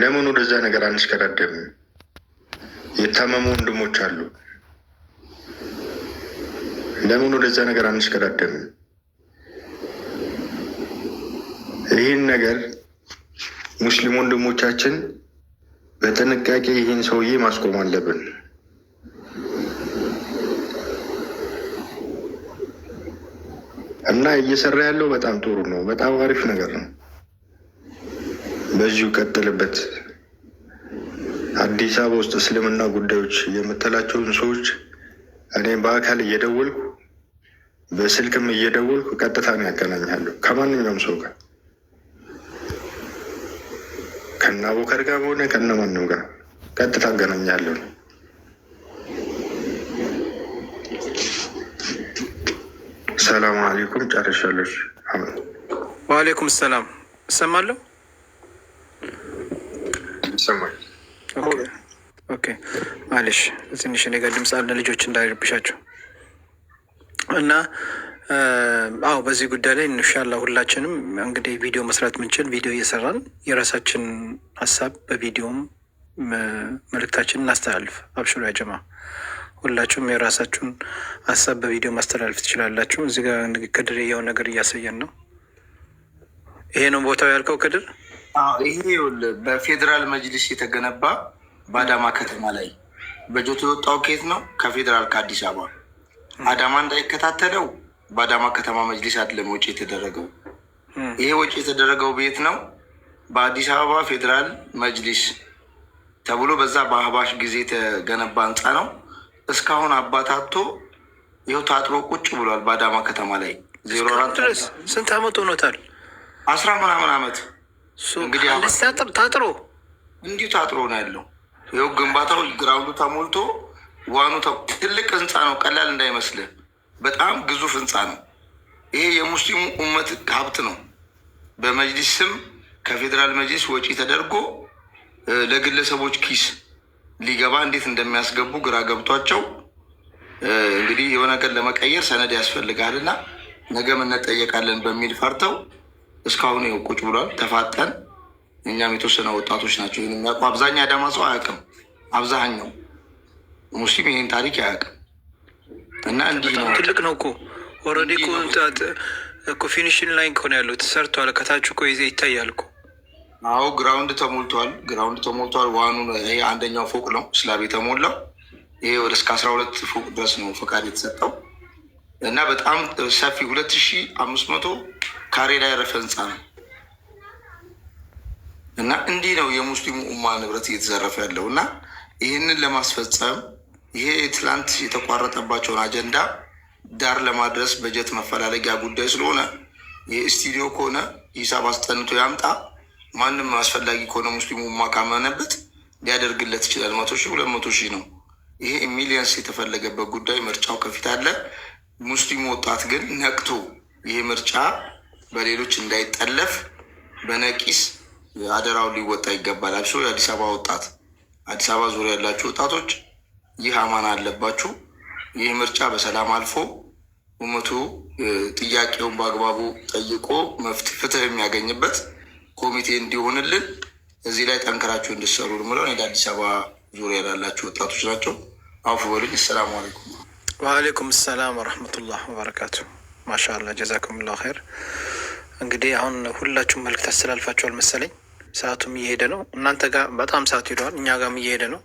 ለምን ወደዛ ነገር አንሽቀዳደምም? የታመሙ ወንድሞች አሉ። ለምን ወደዛ ነገር አንሽቀዳደምም? ይህን ነገር ሙስሊም ወንድሞቻችን በጥንቃቄ ይህን ሰውዬ ማስቆም አለብን። እና እየሰራ ያለው በጣም ጥሩ ነው። በጣም አሪፍ ነገር ነው። በዚሁ ቀጥልበት። አዲስ አበባ ውስጥ እስልምና ጉዳዮች የምትላቸውን ሰዎች እኔ በአካል እየደወልኩ በስልክም እየደወልኩ ቀጥታ ነው ያገናኛለሁ ከማንኛውም ሰው ጋር ከነ አቡከር ጋር በሆነ ከነ ማንም ጋር ቀጥታ አገናኛለሁ። ሰላም አለይኩም ጨርሻለች። ዋሌኩም ሰላም እሰማለሁ። ይሰማኛል። ኦኬ አለሽ ትንሽ እኔ ጋር ድምፅ አለ ልጆች እንዳይርብሻቸው እና አዎ በዚህ ጉዳይ ላይ እንሻላ ሁላችንም እንግዲህ ቪዲዮ መስራት ምንችል ቪዲዮ እየሰራን የራሳችን ሀሳብ በቪዲዮም መልእክታችን እናስተላልፍ። አብሽሩ ያጀማ ሁላችሁም የራሳችሁን ሀሳብ በቪዲዮ ማስተላልፍ ትችላላችሁ። እዚህ ጋር ከድር የውን ነገር እያሳየን ነው። ይሄ ነው ቦታው ያልከው ከድር ይሄ በፌዴራል መጅልስ የተገነባ በአዳማ ከተማ ላይ በጆቶ የወጣው ኬት ነው። ከፌዴራል ከአዲስ አበባ አዳማ እንዳይከታተለው በአዳማ ከተማ መጅሊስ አይደለም ወጪ የተደረገው። ይሄ ወጪ የተደረገው ቤት ነው በአዲስ አበባ ፌዴራል መጅሊስ ተብሎ በዛ በአህባሽ ጊዜ የተገነባ ህንፃ ነው። እስካሁን አባታቶ ይኸው ታጥሮ ቁጭ ብሏል። በአዳማ ከተማ ላይ ዜሮ አራት ስንት አመት ሆኖታል? አስራ ምናምን አመት ታጥሮ እንዲሁ ታጥሮ ነው ያለው። ይኸው ግንባታው ግራውንዱ ተሞልቶ ዋኑ ትልቅ ህንፃ ነው፣ ቀላል እንዳይመስልህ። በጣም ግዙፍ ህንፃ ነው። ይሄ የሙስሊሙ ኡመት ሀብት ነው። በመጅሊስ ስም ከፌዴራል መጅሊስ ወጪ ተደርጎ ለግለሰቦች ኪስ ሊገባ እንዴት እንደሚያስገቡ ግራ ገብቷቸው እንግዲህ የሆነ ነገር ለመቀየር ሰነድ ያስፈልጋልና ነገም እንጠየቃለን በሚል ፈርተው እስካሁን ይኸው ቁጭ ብሏል። ተፋጠን እኛም የተወሰነ ወጣቶች ናቸው ይህን የሚያውቁ። አብዛኛው አዳማ ሰው አያውቅም። አብዛኛው ሙስሊም ይህን ታሪክ አያውቅም። እና እንዲህ ነው። ትልቅ ነው እኮ ኦልሬዲ እኮ ፊኒሽን ላይ ከሆነ ያለው ተሰርቷል። ከታች እኮ ይዘህ ይታያል እኮ። አዎ ግራውንድ ተሞልቷል። ግራውንድ ተሞልቷል። ዋኑ ይሄ አንደኛው ፎቅ ነው ስላብ የተሞላው። ይሄ ወደ እስከ አስራ ሁለት ፎቅ ድረስ ነው ፈቃድ የተሰጠው። እና በጣም ሰፊ ሁለት ሺ አምስት መቶ ካሬ ላይ ያረፈ ህንፃ ነው። እና እንዲህ ነው የሙስሊሙ ኡማ ንብረት እየተዘረፈ ያለው። እና ይህንን ለማስፈጸም ይሄ ትላንት የተቋረጠባቸውን አጀንዳ ዳር ለማድረስ በጀት መፈላለጊያ ጉዳይ ስለሆነ የስቱዲዮ ከሆነ ሂሳብ አስጠንቶ ያምጣ። ማንም አስፈላጊ ከሆነ ሙስሊሙ ኡማ ካመነበት ሊያደርግለት ይችላል። መቶ ሺህ ሁለት መቶ ሺህ ነው። ይሄ ሚሊየንስ የተፈለገበት ጉዳይ ምርጫው ከፊት አለ። ሙስሊሙ ወጣት ግን ነቅቶ ይህ ምርጫ በሌሎች እንዳይጠለፍ በነቂስ አደራውን ሊወጣ ይገባል። አብሶ የአዲስ አበባ ወጣት፣ አዲስ አበባ ዙሪያ ያላችሁ ወጣቶች ይህ አማና አለባችሁ። ይህ ምርጫ በሰላም አልፎ ውመቱ ጥያቄውን በአግባቡ ጠይቆ ፍትህ የሚያገኝበት ኮሚቴ እንዲሆንልን እዚህ ላይ ጠንክራችሁ እንድሰሩ ምለው የአዲስ አበባ ዙሪያ ላላችሁ ወጣቶች ናቸው። አውፍ በሉኝ። አሰላሙ አለይኩም። ዋአሌይኩም ሰላም ወረህመቱላህ ወበረካቱ። ጀዛኩም ላ ኸይር። እንግዲህ አሁን ሁላችሁም መልእክት አስተላልፋችኋል መሰለኝ። ሰዓቱም እየሄደ ነው። እናንተ ጋር በጣም ሰዓት ሄደዋል፣ እኛ ጋርም እየሄደ ነው።